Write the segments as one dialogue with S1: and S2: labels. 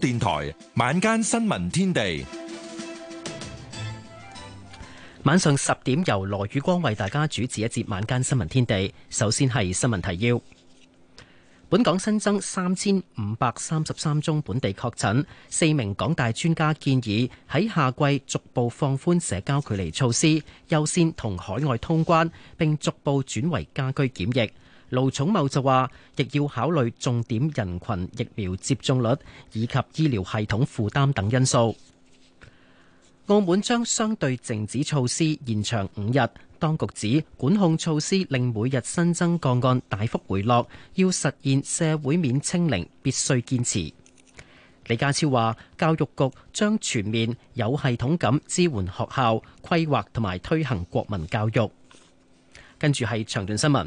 S1: 電台晚間新聞天地，晚上十點由羅宇光為大家主持一節晚間新聞天地。首先係新聞提要：本港新增三千五百三十三宗本地確診，四名港大專家建議喺夏季逐步放寬社交距離措施，優先同海外通關，並逐步轉為家居檢疫。盧寵茂就話，亦要考慮重點人群疫苗接種率以及醫療系統負擔等因素。澳門將相對靜止措施延長五日。當局指管控措施令每日新增個案大幅回落，要實現社會面清零，必須堅持。李家超話，教育局將全面有系統咁支援學校規劃同埋推行國民教育。跟住係長段新聞。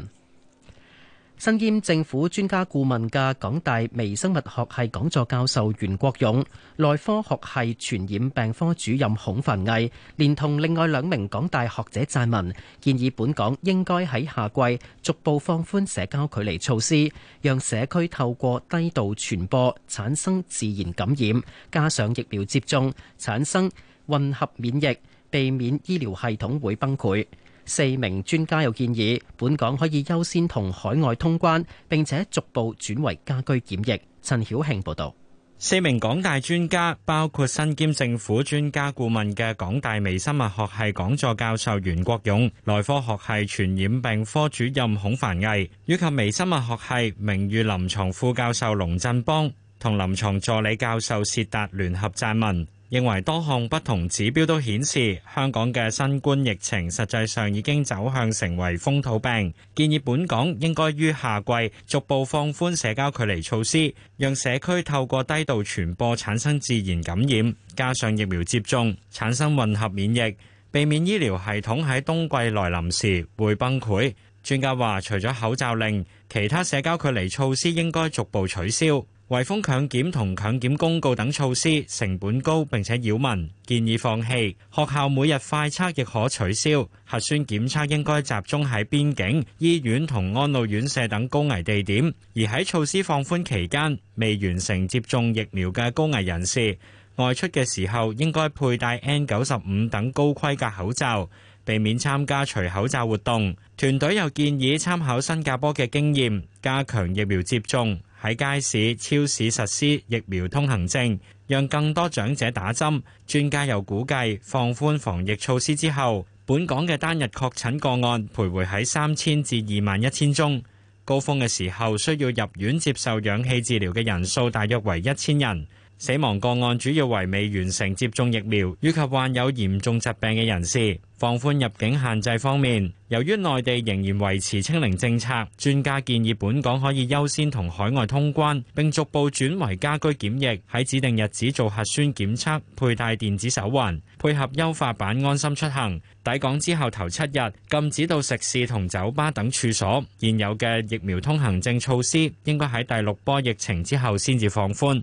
S1: 身兼政府專家顧問嘅港大微生物學系講座教授袁國勇、內科學系傳染病科主任孔凡毅，連同另外兩名港大學者撰文，建議本港應該喺夏季逐步放寬社交距離措施，讓社區透過低度傳播產生自然感染，加上疫苗接種產生混合免疫，避免醫療系統會崩潰。四名專家又建議，本港可以優先同海外通關，並且逐步轉為家居檢疫。陳曉慶報導，四名港大專家包
S2: 括身兼政府專家顧問嘅港大微生物學系講座教授袁國勇、內科學系傳染病科主任孔繁毅，以及微生物學系名譽臨牀副教授龍振邦同臨牀助理教授薛達聯合撰文。認為多項不同指標都顯示香港嘅新冠疫情實際上已經走向成為風土病，建議本港應該於夏季逐步放寬社交距離措施，讓社區透過低度傳播產生自然感染，加上疫苗接種產生混合免疫，避免醫療系統喺冬季來臨時會崩潰。專家話，除咗口罩令，其他社交距離措施應該逐步取消。圍封強檢同強檢公告等措施成本高並且擾民，建議放棄，學校每日快測亦可取消，核酸檢測應該集中喺邊境、醫院同安老院舍等高危地點。而喺措施放寬期間，未完成接種疫苗嘅高危人士外出嘅時候應該佩戴 N95 等高規格口罩，避免參加除口罩活動。團隊又建議參考新加坡嘅經驗，加強疫苗接種。喺街市、超市實施疫苗通行證，讓更多長者打針，專家又估計放寬防疫措施之後，本港嘅單日確診個案徘徊喺三千至二萬一千宗。高峰嘅時候，需要入院接受氧氣治療嘅人數大約為一千人。死亡個案主要為未完成接種疫苗，以及患有嚴重疾病嘅人士。放寬入境限制方面，由於內地仍然維持清零政策，專家建議本港可以優先同海外通關，並逐步轉為家居檢疫，喺指定日子做核酸檢測，佩戴電子手環，配合優化版安心出行。抵港之後頭七日禁止到食肆同酒吧等處所。現有嘅疫苗通行證措施應該喺第六波疫情之後先至放寬。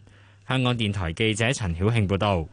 S2: 香港電台記者陳曉慶報道，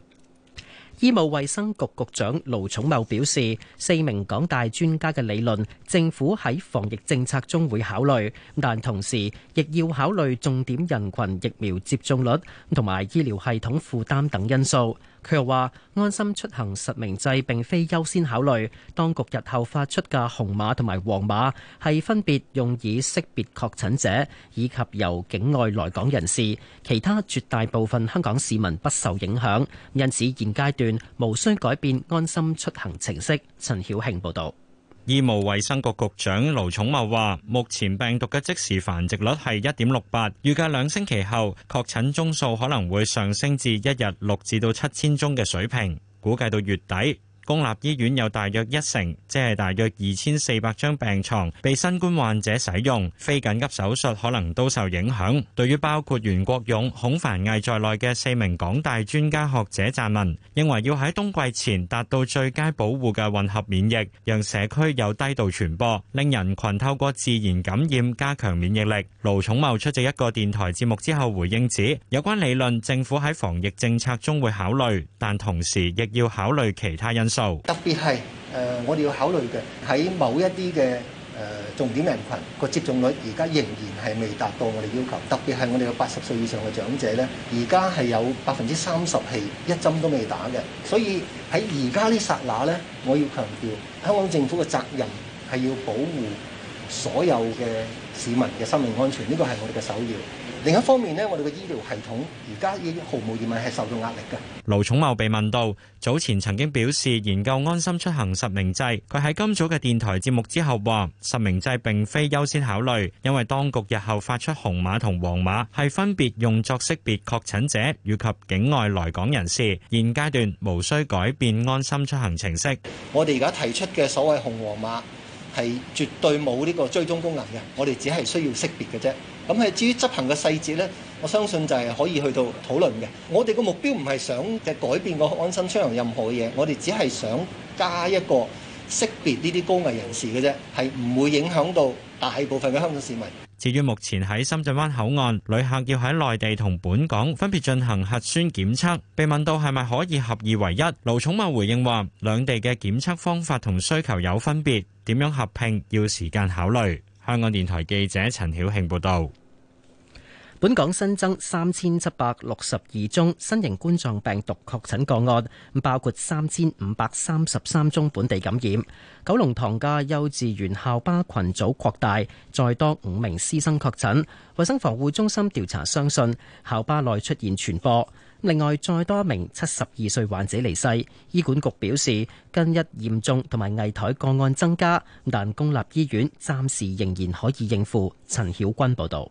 S1: 醫務衛生局局長盧寵茂表示，四名港大專家嘅理論，政府喺防疫政策中會考慮，但同時亦要考慮重點人群疫苗接種率，同埋醫療系統負擔等因素。佢又話：安心出行實名制並非優先考慮，當局日後發出嘅紅碼同埋黃碼係分別用以識別確診者以及由境外來港人士，其他絕大部分香港市民不受影響，因此現階段無需改變安心出行程式。陳曉慶報道。
S2: 醫務衛生局局長盧寵茂話，目前病毒嘅即時繁殖率係一點六八，預計兩星期後確診宗數可能會上升至一日六至到七千宗嘅水平，估計到月底。公立醫院有大約一成，即係大約二千四百張病床，被新冠患者使用，非緊急手術可能都受影響。對於包括袁國勇、孔繁毅在內的四名港大專家學者撰文，認為要喺冬季前達到最佳保護的混合免疫，讓社區有低度傳播，令人群透過自然感染，加強免疫力。盧寵茂出席一個電台節目之後回應指，有關理論，政府喺防疫政策中會考慮，但同時亦要考慮其他因素。
S3: 特別係誒、呃，我哋要考慮嘅喺某一啲嘅誒重點人群個接種率，而家仍然係未達到我哋要求。特別係我哋嘅八十歲以上嘅長者呢，而家係有百分之三十係一針都未打嘅。所以喺而家呢剎那呢，我要強調香港政府嘅責任係要保護所有嘅市民嘅生命安全，呢個係我哋嘅首要。另一方面咧，我哋嘅醫療系統而家已經毫無疑問係受到壓力嘅。
S2: 盧寵茂被問到早前曾經表示研究安心出行實名制，佢喺今早嘅電台節目之後話：實名制並非優先考慮，因為當局日後發出紅碼同黃碼係分別用作識別確診者以及境外來港人士。現階段無需改變安心出行程式。
S3: 我哋而家提出嘅所謂紅黃碼係絕對冇呢個追蹤功能嘅，我哋只係需要識別嘅啫。咁係至於執行嘅細節咧，我相信就係可以去到討論嘅。我哋個目標唔係想嘅改變個安心出行任何嘢，我哋只係想加一個識別呢啲高危人士嘅啫，係唔會影響到大部分嘅香港市民。
S2: 至於目前喺深圳灣口岸，旅客要喺內地同本港分別進行核酸檢測，被問到係咪可以合二為一，盧寵茂回應話：兩地嘅檢測方法同需求有分別，點樣合併要時間考慮。香港電台記者陳曉慶報道，
S1: 本港新增三千七百六十二宗新型冠狀病毒確診個案，包括三千五百三十三宗本地感染。九龍塘嘅幼稚園校巴群組擴大，再多五名師生確診。衛生防護中心調查相信，校巴內出現傳播。另外，再多一名七十二歲患者離世。醫管局表示，近日嚴重同埋危殆個案增加，但公立醫院暫時仍然可以應付。陳曉君報道。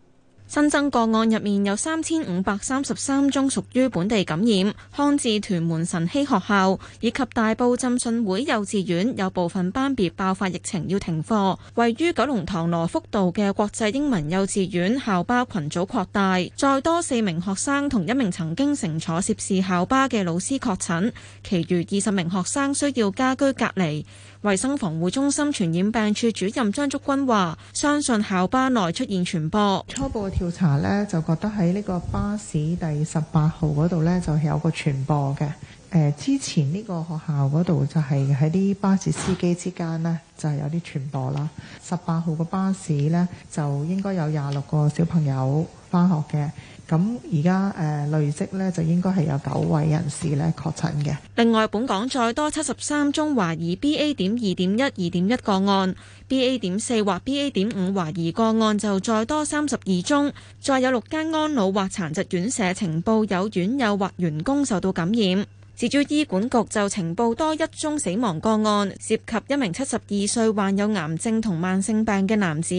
S4: 新增個案入面有三千五百三十三宗屬於本地感染，康治屯門晨曦學校以及大埔浸信會幼稚園有部分班別爆發疫情，要停課，位於九龍塘羅福道嘅國際英文幼稚園校巴群組擴大，再多四名學生同一名曾經乘坐涉事校巴嘅老師確診，其餘二十名學生需要家居隔離。衛生防護中心傳染病處主任張竹君話，相信校巴內出現傳播。初步嘅調
S5: 查呢，就覺得喺呢個巴士第十八號嗰度呢，就係有個傳播嘅。呃、之前呢個學校嗰度就係喺啲巴士司機之間呢，就係、是、有啲傳播啦。十八號嘅巴士呢，就應該有廿六個小朋友翻學嘅。咁而家誒累積咧，就應該係有九位人士呢確診嘅。
S4: 另外，本港再多七十三宗懷疑 B A 點二點一二點一個案，B A 點四或 B A 點五懷疑個案就再多三十二宗。再有六間安老或殘疾院舍，情報有院友或員工受到感染。至於醫管局就呈報多一宗死亡個案，涉及一名七十二歲患有癌症同慢性病嘅男子。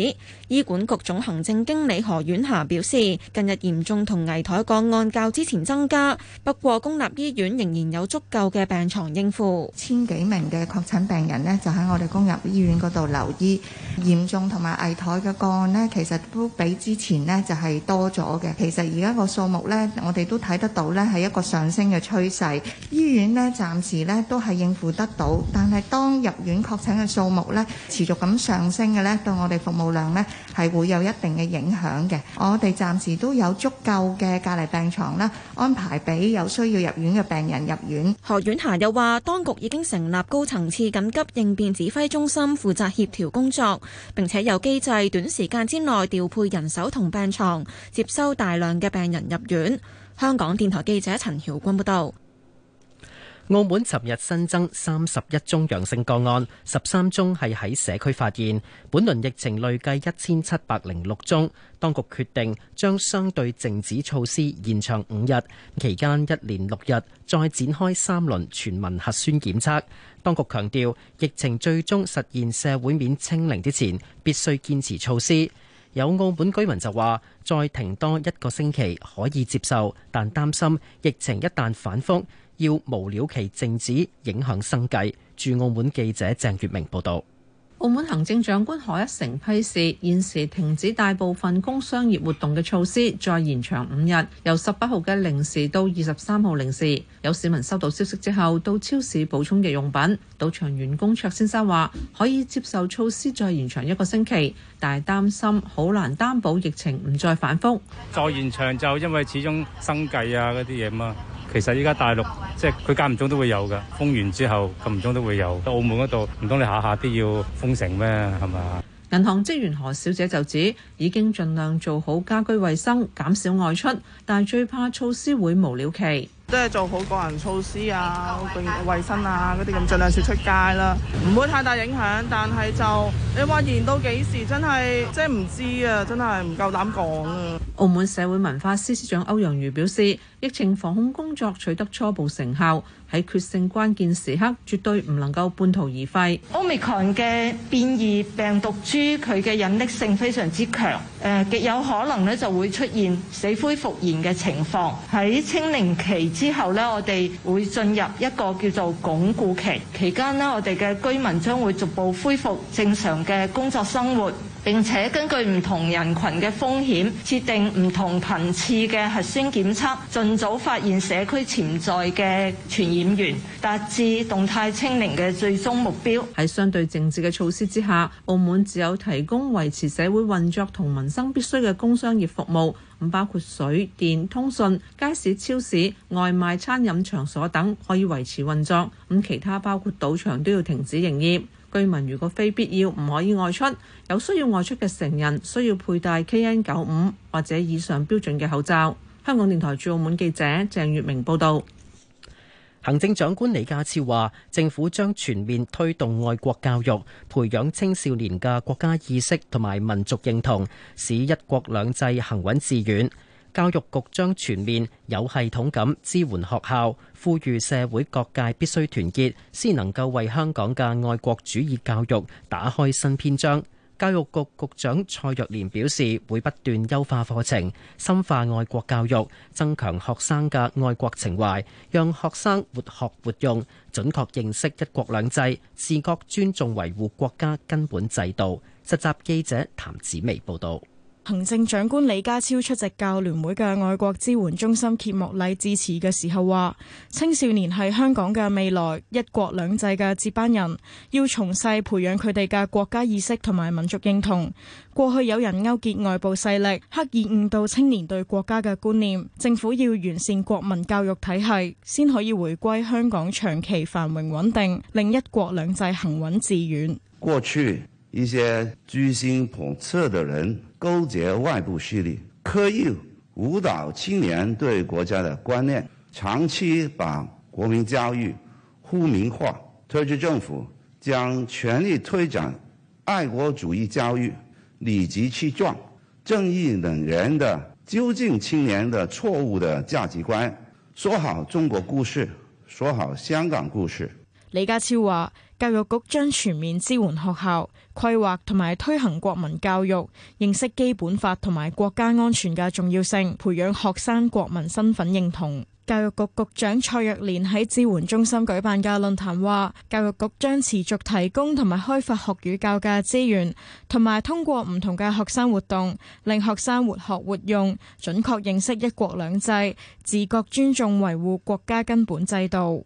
S4: 醫管局總行政經理何婉霞表示，近日嚴重同危殆個案較之前增加，不過公立醫院仍然有足夠嘅病床應付。千幾名嘅確診病人呢，就喺我哋公立醫院嗰度留醫。嚴重同埋危殆嘅個案呢，其實都比之前呢就係多咗嘅。其實而家個數目呢，我哋都睇得到呢係一個上升嘅趨勢。醫院呢，暫時呢都係應付得到，但係當入院確診嘅數目呢持續咁上升嘅呢，對我哋服務量呢係會有一定嘅影響嘅。我哋暫時都有足夠嘅隔離病牀呢，安排俾有需要入院嘅病人入院。何婉霞又話，當局已經成立高層次緊急應變指揮中心，負責協調工作，並且有機制短時間之內調配人手同病牀，接收大量嘅病人入院。香港電台記者陳曉君報導。
S1: 澳門尋日新增三十一宗陽性個案，十三宗係喺社區發現。本輪疫情累計一千七百零六宗，當局決定將相對靜止措施延長五日，期間一連六日再展開三輪全民核酸檢測。當局強調，疫情最終實現社會面清零之前，必須堅持措施。有澳門居民就話，再停多一個星期可以接受，但擔心疫情一旦反覆。要無了期靜止影響生計。駐澳門記者鄭月明報道，
S5: 澳門行政長官何一成批示，現時停止大部分工商業活動嘅措施再延長五日，由十八號嘅零時到二十三號零時。有市民收到消息之後到超市補充日用品。賭場員工卓先生話：可以接受措施再延長一個星期，但係擔心好難擔保疫情唔再反覆。
S2: 再延長就因為始終生計啊嗰啲嘢嘛。其實依家大陸即係佢間唔中都會有噶，封完之後間唔中都會有。澳門嗰度唔通你下下都要封城咩？係嘛？
S5: 銀行職員何小姐就指已經盡量做好家居衞生，減少外出，但係最怕措施會無了期。即係做好個人措施啊，同衞生啊嗰啲咁，儘量少出街啦，唔會太大影響。但係就你話延到幾時，真係即係唔知啊，真係唔夠膽講啊。澳門社會文化司司長歐陽瑜表示。疫情防控工作取得初步成效，喺決勝關鍵時刻，絕對唔能夠半途而廢。Omicron 嘅變異病毒株，佢嘅隱匿性非常之強，誒極有可能咧就會出現死灰復燃嘅情況。喺清零期之後咧，我哋會進入一個叫做鞏固期，期間咧我哋嘅居民將會逐步恢復正常嘅工作生活。並且根據唔同人群嘅風險，設定唔同頻次嘅核酸檢測，盡早發現社區潛在嘅傳染源，達至動態清零嘅最終目標。喺相對靜止嘅措施之下，澳門只有提供維持社會運作同民生必須嘅工商業服務，包括水電、通訊、街市、超市、外賣、餐飲場所等可以維持運作，其他包括賭場都要停止營業。居民如果非必要唔可以外出，有需要外出嘅成人需要佩戴 KN 九五或者以上標準嘅口罩。香港電台駐澳門記者鄭月明報道。
S1: 行政長官李家超話，政府將全面推動愛國教育，培養青少年嘅國家意識同埋民族認同，使一國兩制行穩致遠。教育局將全面有系統咁支援學校，呼籲社會各界必須團結先能夠為香港嘅愛國主義教育打開新篇章。教育局局長蔡若蓮表示，會不斷優化課程，深化愛國教育，增強學生嘅愛國情懷，讓學生活學活用，準確認識一國兩制，自覺尊重維護國家根本制度。實習記者譚子薇報道。
S6: 行政長官李家超出席教聯會嘅愛國支援中心揭幕禮致辭嘅時候話，青少年係香港嘅未來，一國兩制嘅接班人，要從細培養佢哋嘅國家意識同埋民族認同。過去有人勾結外部勢力，刻意誤導青年對國家嘅觀念。政府要完善國民教育體系，先可以回歸香港長期繁榮穩定，令一國兩制行穩致遠。
S2: 過去。一些居心叵測的人勾結外部勢力，刻意誤導青年對國家的觀念，長期把國民教育污名化。特區政府將全力推展愛國主義教育，理直氣壯，正義凜然地糾正青年的錯誤的價值觀。說好中國故事，說好香港故事。
S6: 李家超話。教育局將全面支援學校規劃同埋推行國民教育，認識基本法同埋國家安全嘅重要性，培養學生國民身份認同。教育局局長蔡若蓮喺支援中心舉辦嘅論壇話，教育局將持續提供同埋開發學與教嘅資源，同埋通過唔同嘅學生活動，令學生活學活用，準確認識一國兩制，自覺尊重維護國家根本制度。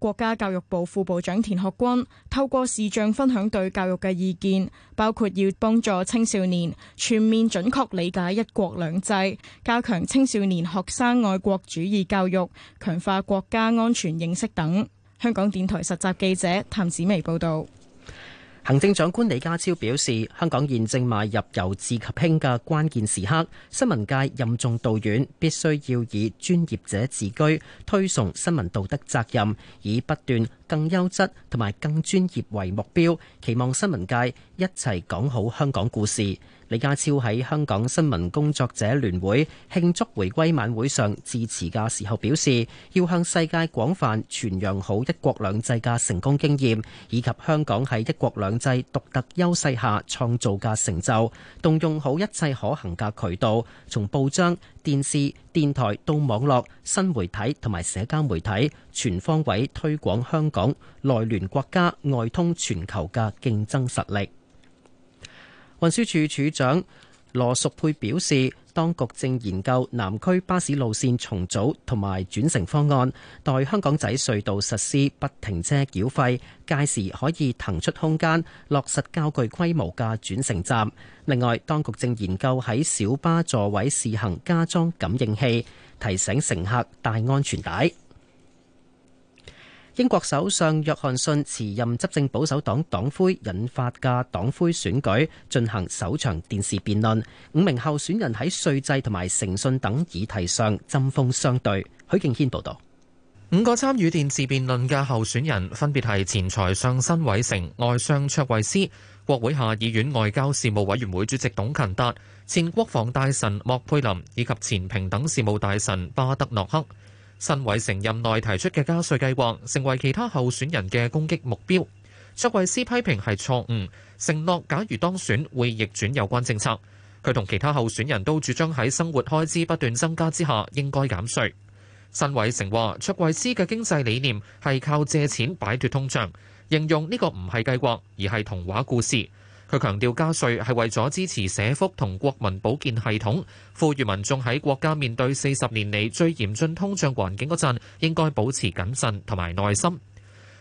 S6: 國家教育部副部長田學軍透過視像分享對教育嘅意見，包括要幫助青少年全面準確理解一國兩制，加強青少年學生愛國主義教育，強化國家安全認識等。香港電台實習記者譚子薇報道。
S1: 行政長官李家超表示，香港現正邁入由治及興嘅關鍵時刻，新聞界任重道遠，必須要以專業者自居，推崇新聞道德責任，以不斷。更優質同埋更專業為目標，期望新聞界一齊講好香港故事。李家超喺香港新聞工作者聯會慶祝回歸晚會上致辭嘅時候表示，要向世界廣泛傳揚好一國兩制嘅成功經驗，以及香港喺一國兩制獨特優勢下創造嘅成就，動用好一切可行嘅渠道，從報章。電視、電台到網絡、新媒體同埋社交媒體全方位推廣香港，內聯國家、外通全球嘅競爭實力。運輸署署署長，羅淑佩表示，當局正研究南區巴士路線重組同埋轉乘方案，待香港仔隧道實施不停車繳費，屆時可以騰出空間落實較具規模嘅轉乘站。另外，當局正研究喺小巴座位試行加裝感應器，提醒乘客戴安全帶。英國首相約翰遜辭任執政保守黨黨魁，引發嘅黨魁選舉進行首場電視辯論。五名候選人喺稅制同埋誠信等議題上針鋒相對。許敬軒報道，五個參與電視辯論嘅候選人分別係前財相新委成、
S7: 外相卓慧斯、國會下議院外交事務委員會主席董勤達、前國防大臣莫佩林以及前平等事務大臣巴德諾克。辛偉誠任內提出嘅加稅計劃成為其他候選人嘅攻擊目標。卓慧思批評係錯誤，承諾假如當選會逆轉有關政策。佢同其他候選人都主張喺生活開支不斷增加之下應該減稅。辛偉誠話：卓慧思嘅經濟理念係靠借錢擺脱通脹，形容呢個唔係計劃，而係童話故事。佢強調加稅係為咗支持社福同國民保健系統，富裕民眾喺國家面對四十年嚟最嚴峻通脹環境嗰陣，應該保持謹慎同埋耐心。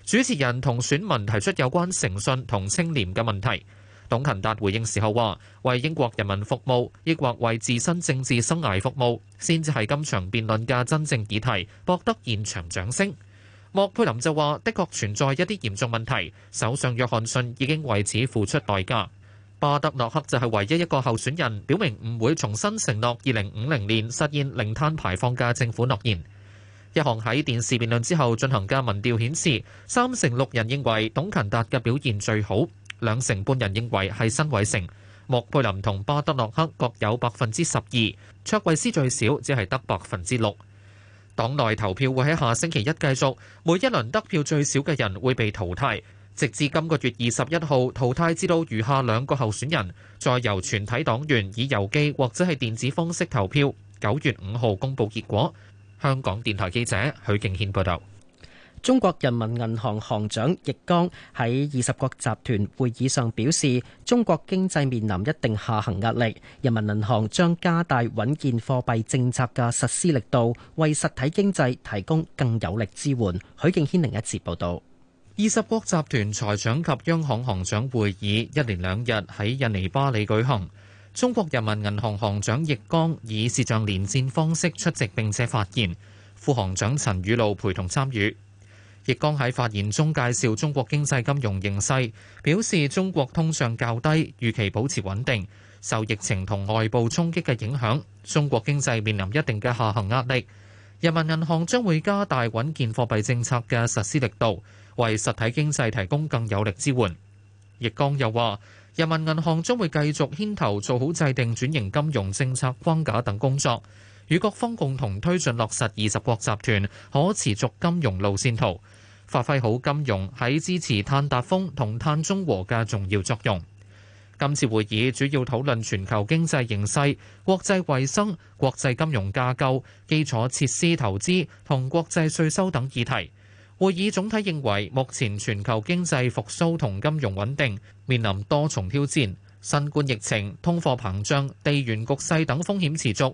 S7: 主持人同選民提出有關誠信同清廉嘅問題，董勤達回應時候話：為英國人民服務，抑或為自身政治生涯服務，先至係今場辯論嘅真正議題，博得現場掌聲。莫佩林就話：的確存在一啲嚴重問題，首相約翰遜已經為此付出代價。巴德諾克就係唯一一個候選人，表明唔會重新承諾二零五零年實現零碳排放嘅政府諾言。一項喺電視辯論之後進行嘅民調顯示，三成六人認為董勤達嘅表現最好，兩成半人認為係辛偉誠，莫佩林同巴德諾克各有百分之十二，卓慧思最少只係得百分之六。黨內投票會喺下星期一繼續，每一輪得票最少嘅人會被淘汰，直至今個月二十一號，淘汰至到余下兩個候選人，再由全體黨員以郵寄或者係電子方式投票，九月五號公佈結果。香港電台記者許敬軒報道。
S1: 中國人民銀行行長易綱喺二十國集團會議上表示，中國經濟面臨一定下行壓力，人民銀行將加大穩健貨幣政策嘅實施力度，為實體經濟提供更有力支援。許敬軒另一次報道。二十國集團財長及
S7: 央行行長會議一連兩日喺印尼巴里舉行。中國人民銀行行長易綱以視像連線方式出席並且發言，副行長陳雨露陪同參與。易綱喺發言中介紹中國經濟金融形勢，表示中國通脹較低，預期保持穩定。受疫情同外部衝擊嘅影響，中國經濟面臨一定嘅下行壓力。人民銀行將會加大穩健貨幣政策嘅實施力度，為實體經濟提供更有力支援。易綱又話，人民銀行將會繼續牽頭做好制定轉型金融政策框架等工作。與各方共同推進落實二十國集團可持續金融路線圖，發揮好金融喺支持碳達峰同碳中和嘅重要作用。今次會議主要討論全球經濟形勢、國際衛生、國際金融架構、基礎設施投資同國際稅收等議題。會議總體認為，目前全球經濟復蘇同金融穩定面臨多重挑戰，新冠疫情、通貨膨脹、地緣局勢等風險持續。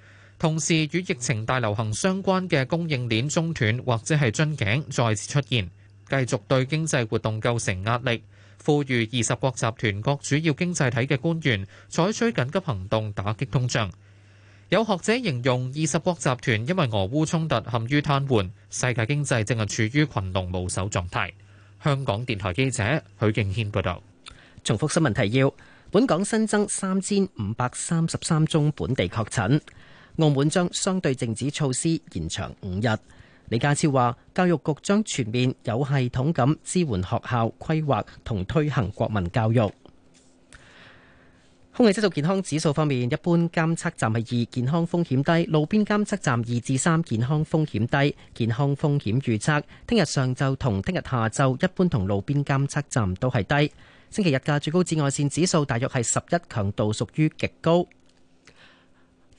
S7: 同時，與疫情大流行相關嘅供應鏈中斷或者係樽頸再次出現，繼續對經濟活動構成壓力。呼籲二十國集團各主要經濟體嘅官員採取緊急行動，打擊通脹。有學者形容二十國集團因為俄烏衝突陷於癱瘓，世界經濟正係處於
S1: 群龍無首狀態。香港電台記者許敬軒報導。重複新聞提要：本港新增三千五百三十三宗本地確診。澳門將相對靜止措施延長五日。李家超話，教育局將全面有系統咁支援學校規劃同推行國民教育。空氣質素健康指數方面，一般監測站係二，健康風險低；路邊監測站二至三，健康風險低。健康風險預測，聽日上晝同聽日下晝，一般同路邊監測站都係低。星期日嘅最高紫外線指數大約係十一，強度屬於極高。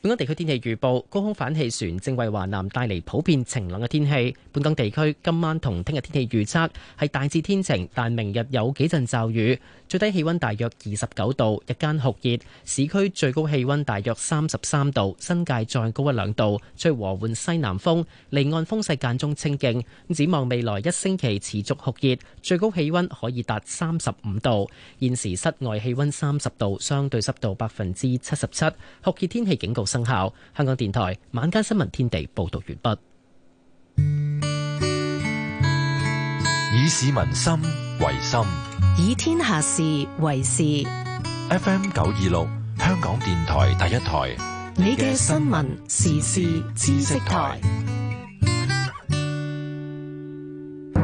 S1: 本港地區天氣預報高空反氣旋正為華南帶嚟普遍晴朗嘅天氣，本港地區今晚同聽日天氣預測係大致天晴，但明日有幾陣驟雨。最低氣温大約二十九度，日間酷熱，市區最高氣温大約三十三度，新界再高一兩度。吹和緩西南風，離岸風勢間中清勁，展望未來一星期持續酷熱，最高氣温可以達三十五度。現時室外氣温三十度，相對濕度百分之七十七，酷熱天氣警告。生效。香港電台晚間新聞天地報道完畢。以市民心為心，
S5: 以天下事為事。
S2: FM 九二六，香港電台第一台，
S4: 你嘅新
S7: 聞時事知識台。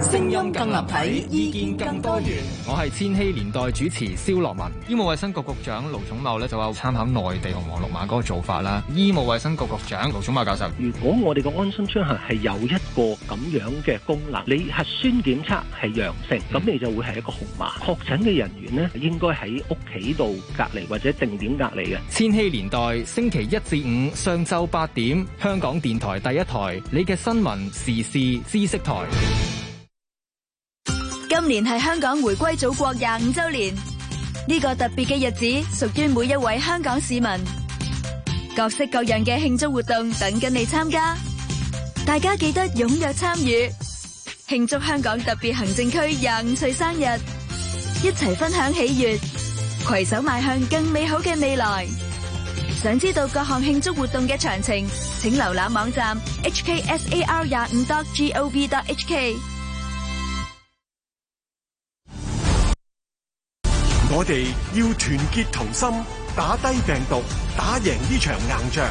S3: 聲音更立體，意見更多元。
S7: 我係千禧年代主持蕭樂文醫局局。醫務衛生局局長盧寵茂咧就話，參考內地紅黃綠碼嗰個做法啦。醫務衛生局
S3: 局長盧寵茂教授，如果我哋個安心出行係有一個咁樣嘅功能，你核酸檢測係陽性，咁你就會係一個紅碼確診嘅人員咧，應該喺屋企度隔離或者定點隔離嘅。
S7: 千禧年代星期一至五上晝八點，香港電台第一台你嘅新聞時事知識台。
S4: 今年係香港回歸祖國廿五週年，呢個特別嘅日子屬於每一位香港市民。各式各樣嘅慶祝活動等緊你參加，大家記得踴躍參與，慶祝香港特別行政區廿五歲生日，一齊分享喜悅，攜手邁向更美好嘅未來。想知道各項慶祝活動嘅詳情，請瀏覽網站 hksar 廿五 dot gov dot hk。
S3: 我哋要團結同心，打低病毒，打贏呢場硬仗。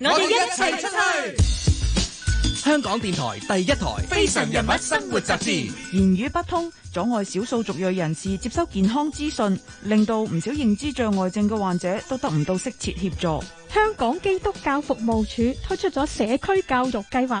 S6: 我哋一齊出去。
S7: 香港電台第一台《非常
S3: 人物生活雜誌》。
S7: 言語
S5: 不通，阻礙少數族裔人士接收健康資訊，令到唔少認知障礙
S6: 症嘅患者都得唔
S5: 到適切協助。
S6: 香港基督教服務處推出咗社區教育計劃。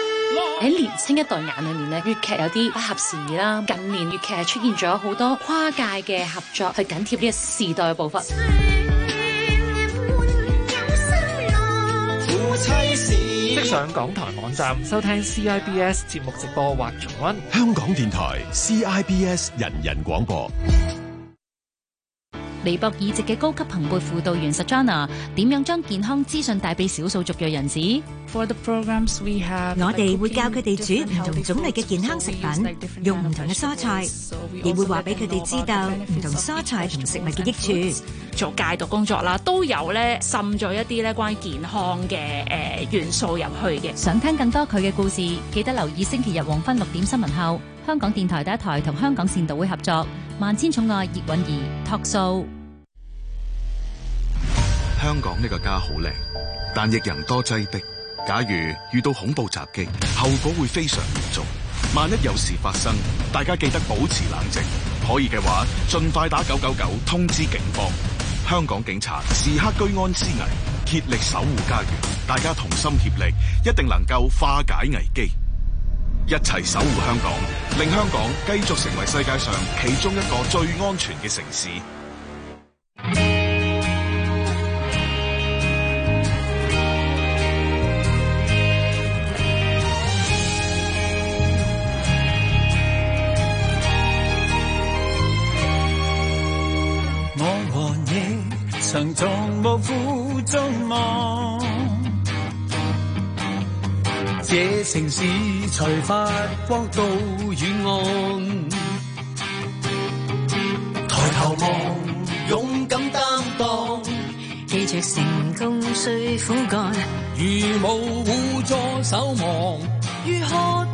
S7: 喺年輕一代眼裏面咧，粵劇有啲不合時宜啦。近年粵劇出現咗好多跨界嘅合作，去緊貼呢個時代嘅步伐。
S1: 即上
S7: 港台網站收聽 CIBS
S3: 節目直播或重温香港電台 CIBS 人人廣播。
S5: 尼泊爾籍嘅高級朋輩輔導員 Sajana 點樣將
S4: 健康資訊帶俾少數族裔人士？我哋會教佢哋煮唔同種類嘅健康食品，用唔同嘅蔬菜，亦會話俾佢哋知道唔同蔬菜同食物嘅益處。做戒毒工作啦，都有咧滲咗一啲咧關於健康嘅誒元素入去嘅。想
S5: 聽更多佢嘅故事，記得留
S1: 意星期日黃昏六點新聞後。香港電台第一台同香港善導會合作。萬千寵愛葉蘊儀托數。Talk Show。
S2: 香港呢個家好靚，但亦人多擠迫。假如遇到恐怖襲擊，後果會非常嚴重。萬一有事發生，大家記得保持冷靜，可以嘅話盡快打九九九通知警方。香港警察時刻居安思危，竭力守護家園。大家同心協力，一定能夠化解危機。
S1: 一齊守護香港，令香港繼續成為世界上其中一個最安全嘅城市。
S4: 我和你曾共冒風
S2: 這城市才
S1: 發光到遠岸，抬頭望，勇敢擔當，記住成功
S5: 需苦幹。如無互助守望，如何？